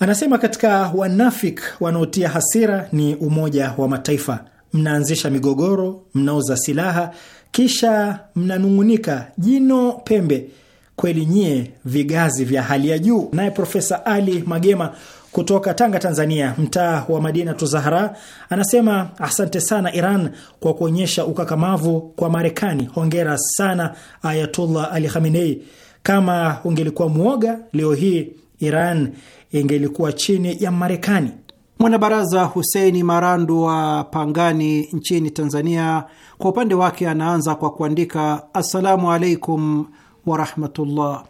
anasema katika wanafiki wanaotia hasira ni Umoja wa Mataifa. Mnaanzisha migogoro, mnauza silaha, kisha mnanung'unika jino pembe. Kweli nyie vigazi vya hali ya juu. Naye Profesa Ali Magema kutoka Tanga, Tanzania, mtaa wa Madina Tuzahara anasema asante sana Iran kwa kuonyesha ukakamavu kwa Marekani. Hongera sana Ayatullah Ali Khamenei. Kama ungelikuwa mwoga, leo hii Iran ingelikuwa chini ya Marekani. Mwanabaraza Huseini Marandu wa Pangani nchini Tanzania, kwa upande wake anaanza kwa kuandika assalamu alaikum warahmatullah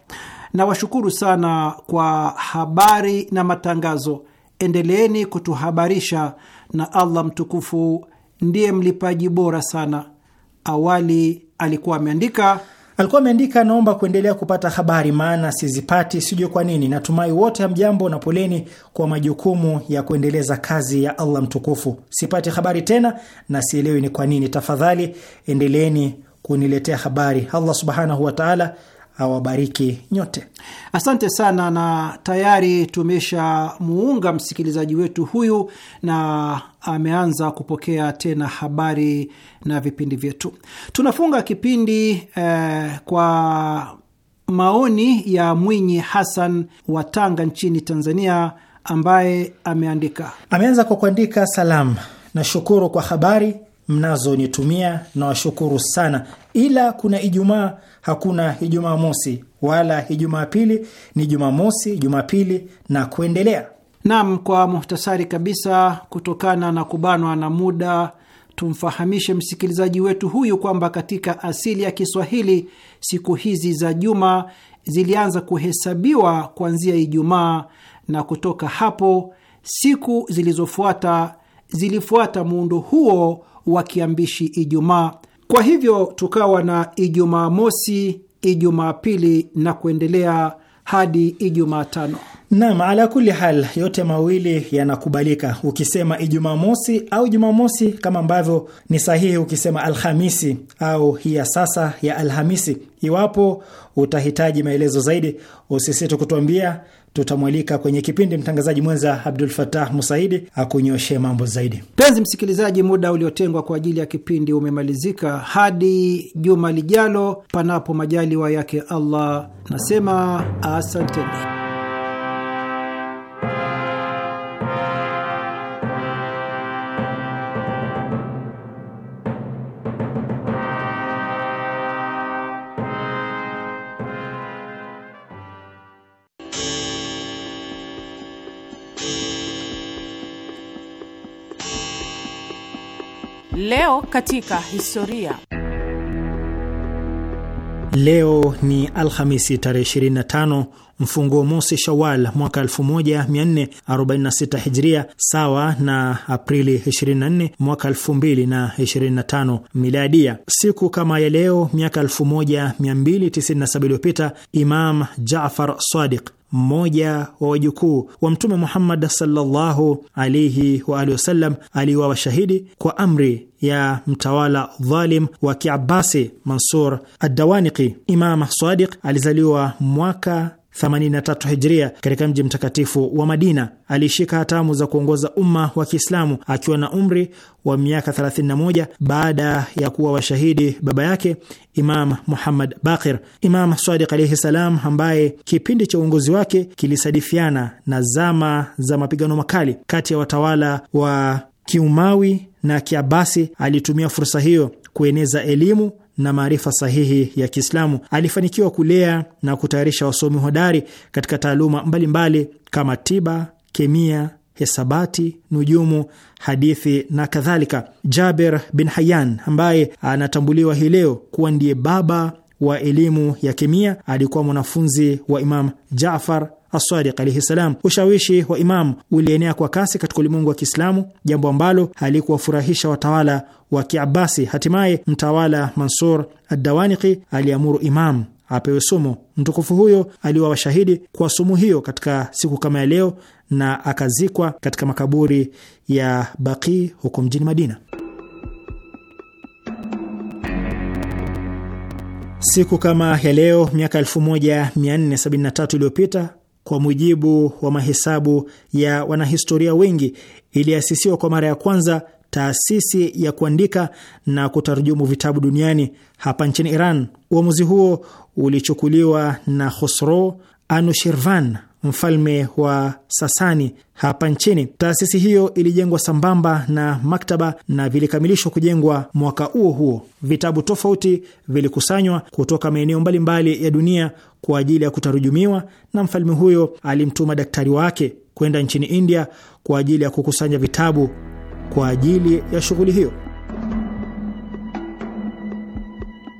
Nawashukuru sana kwa habari na matangazo. Endeleeni kutuhabarisha, na Allah mtukufu ndiye mlipaji bora sana. Awali alikuwa ameandika alikuwa ameandika, naomba kuendelea kupata habari, maana sizipati, sijui kwa nini. Natumai wote hamjambo na poleni kwa majukumu ya kuendeleza kazi ya Allah mtukufu. Sipati habari tena na sielewi ni kwa nini. Tafadhali endeleeni kuniletea habari. Allah subhanahu wataala awabariki nyote. Asante sana, na tayari tumeshamuunga msikilizaji wetu huyu na ameanza kupokea tena habari na vipindi vyetu. Tunafunga kipindi eh, kwa maoni ya Mwinyi Hassan wa Tanga nchini Tanzania, ambaye ameandika ameanza kwa kuandika: salam, nashukuru kwa habari mnazonitumia na washukuru sana, ila kuna Ijumaa hakuna Ijumaa mosi wala Ijumaa pili, ni jumaa Jumaa pili na kuendelea. Naam, kwa muhtasari kabisa, kutokana na kubanwa na muda, tumfahamishe msikilizaji wetu huyu kwamba katika asili ya Kiswahili siku hizi za juma zilianza kuhesabiwa kuanzia Ijumaa, na kutoka hapo siku zilizofuata zilifuata muundo huo wa kiambishi Ijumaa. Kwa hivyo tukawa na Ijumaa mosi, Ijumaa pili na kuendelea hadi Ijumaa tano. Naam, ala kuli hal, yote mawili yanakubalika ukisema Ijumaa mosi au mosi kama ambavyo ni sahihi ukisema Alhamisi au hii ya sasa ya Alhamisi. Iwapo utahitaji maelezo zaidi, usisite kutuambia tutamwalika kwenye kipindi mtangazaji mwenza Abdul Fatah Musaidi akunyoshe mambo zaidi. Mpenzi msikilizaji, muda uliotengwa kwa ajili ya kipindi umemalizika. Hadi juma lijalo, panapo majaliwa yake Allah, nasema asanteni. Leo katika historia. Leo ni Alhamisi tarehe 25 mfunguo mosi Shawal mwaka 1446 Hijria, sawa na Aprili 24 mwaka 2025 Miladia. Siku kama ya leo miaka 1297 iliyopita Imam Jafar Sadiq mmoja wa wajukuu wa Mtume Muhammad sallallahu alihi wa alihi wasallam aliwa washahidi kwa amri ya mtawala dhalim wa Kiabasi Mansur Adawaniqi. Imam Sadiq alizaliwa mwaka 83 hijria katika mji mtakatifu wa Madina. Alishika hatamu za kuongoza umma wa Kiislamu akiwa na umri wa miaka 31 baada ya kuwa washahidi baba yake Imam Muhammad Bakir. Imam Sadiq alaihi salam, ambaye kipindi cha uongozi wake kilisadifiana na zama za mapigano makali kati ya watawala wa Kiumawi na Kiabasi, alitumia fursa hiyo kueneza elimu na maarifa sahihi ya Kiislamu. Alifanikiwa kulea na kutayarisha wasomi hodari katika taaluma mbalimbali mbali kama tiba, kemia, hesabati, nujumu, hadithi na kadhalika. Jaber bin Hayyan ambaye anatambuliwa hii leo kuwa ndiye baba wa elimu ya kemia alikuwa mwanafunzi wa Imam Jafar Asadiq alaihi salam. Ushawishi wa Imamu ulienea kwa kasi katika ulimwengu wa Kiislamu, jambo ambalo halikuwafurahisha watawala wa Kiabasi. Hatimaye mtawala Mansur adawaniki aliamuru Imamu apewe sumu. Mtukufu huyo aliwa washahidi kwa sumu hiyo katika siku kama ya leo na akazikwa katika makaburi ya Baqi huko mjini Madina. Siku kama ya leo miaka 1473 iliyopita kwa mujibu wa mahesabu ya wanahistoria wengi, iliasisiwa kwa mara ya kwanza taasisi ya kuandika na kutarjumu vitabu duniani hapa nchini Iran. Uamuzi huo ulichukuliwa na Khosro Anushirvan mfalme wa Sasani hapa nchini. Taasisi hiyo ilijengwa sambamba na maktaba na vilikamilishwa kujengwa mwaka huo huo. Vitabu tofauti vilikusanywa kutoka maeneo mbalimbali ya dunia kwa ajili ya kutarujumiwa, na mfalme huyo alimtuma daktari wake kwenda nchini India kwa ajili ya kukusanya vitabu kwa ajili ya shughuli hiyo.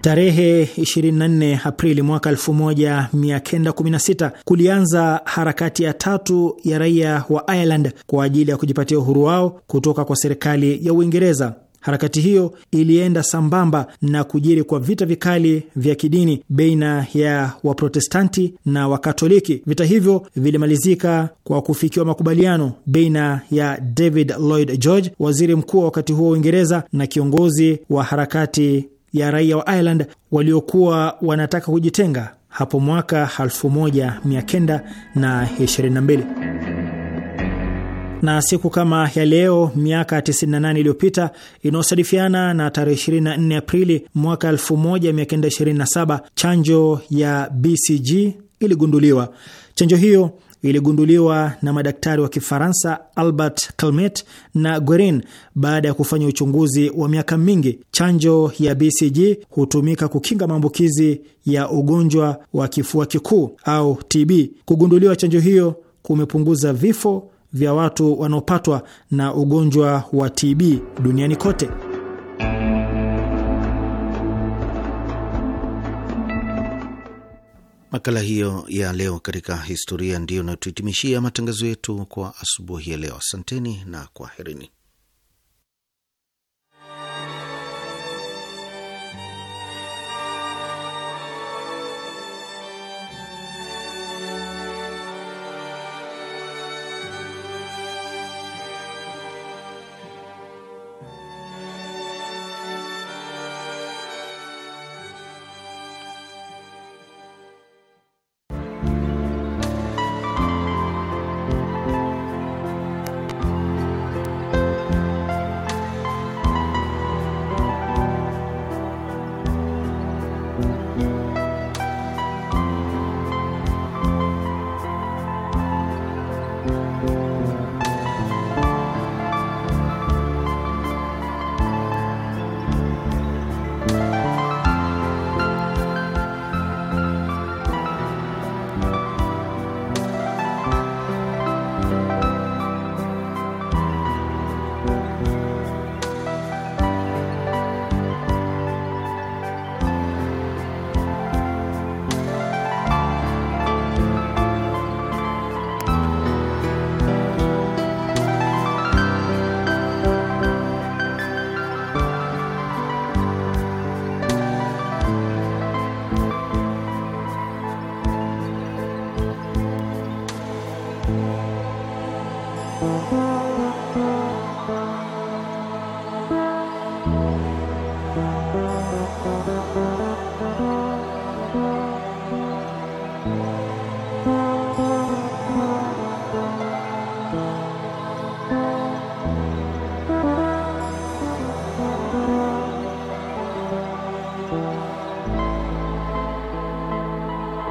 Tarehe 24 Aprili mwaka 1916 kulianza harakati ya tatu ya raia wa Ireland kwa ajili ya kujipatia uhuru wao kutoka kwa serikali ya Uingereza. Harakati hiyo ilienda sambamba na kujiri kwa vita vikali vya kidini baina ya Waprotestanti na Wakatoliki. Vita hivyo vilimalizika kwa kufikiwa makubaliano baina ya David Lloyd George, waziri mkuu wa wakati huo wa Uingereza, na kiongozi wa harakati ya raia wa Ireland waliokuwa wanataka kujitenga hapo mwaka 1922. Na siku kama ya leo miaka 98 iliyopita inayosadifiana na tarehe 24 Aprili mwaka 1927, chanjo ya BCG iligunduliwa. Chanjo hiyo iligunduliwa na madaktari wa Kifaransa Albert Calmet na Guerin baada ya kufanya uchunguzi wa miaka mingi. Chanjo ya BCG hutumika kukinga maambukizi ya ugonjwa wa kifua kikuu au TB. Kugunduliwa chanjo hiyo kumepunguza vifo vya watu wanaopatwa na ugonjwa wa TB duniani kote. Makala hiyo ya leo katika historia ndiyo inayotuhitimishia matangazo yetu kwa asubuhi ya leo. Asanteni na kwaherini.